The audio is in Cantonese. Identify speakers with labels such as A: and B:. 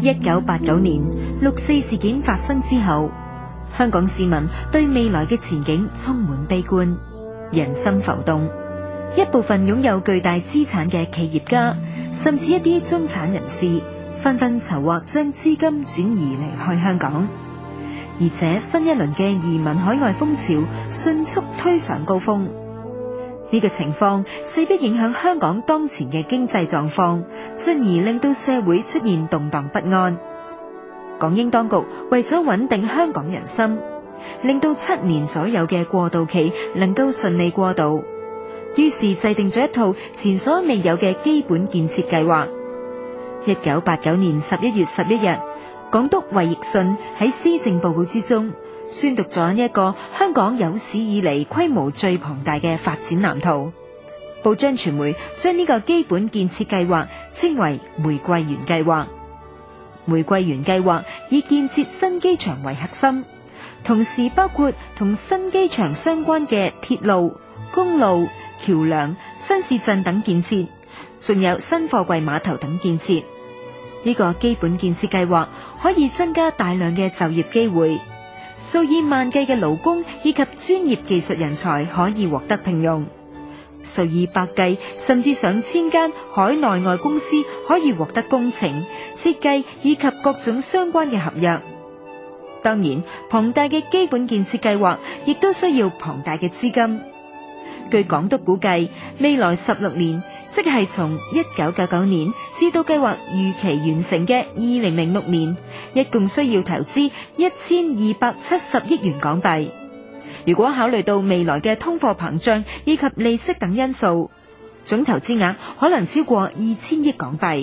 A: 一九八九年六四事件發生之後，香港市民對未來嘅前景充滿悲觀，人心浮動。一部分擁有巨大資產嘅企業家，甚至一啲中產人士，紛紛籌劃將資金轉移離，離開香港，而且新一輪嘅移民海外風潮迅速推上高峰。呢個情況勢必影響香港當前嘅經濟狀況，進而令到社會出現動盪不安。港英當局為咗穩定香港人心，令到七年左右嘅過渡期能夠順利過渡，於是制定咗一套前所未有嘅基本建設計劃。一九八九年十一月十一日，港督衛奕信喺施政報告之中，宣讀咗一個香港有史以嚟規模最龐大嘅發展藍圖。報章傳媒將呢個基本建設計劃稱為“玫瑰園計劃”。玫瑰園計劃以建設新機場為核心，同時包括同新機場相關嘅鐵路、公路、橋樑、新市鎮等建設，仲有新貨櫃碼頭等建設。呢、這個基本建設計劃可以增加大量嘅就業機會。數以萬計嘅勞工以及專業技術人才，可以獲得聘用，數以百計甚至上千間海內外公司可以獲得工程設計以及各種相關嘅合約。當然，龐大嘅基本建設計劃亦都需要龐大嘅資金。據港督估計，未來十六年，即係從一九九九年至到計劃預期完成嘅二零零六年，一共需要投資一千二百七十億元港幣。如果考慮到未來嘅通貨膨脹以及利息等因素，總投資額可能超過二千億港幣。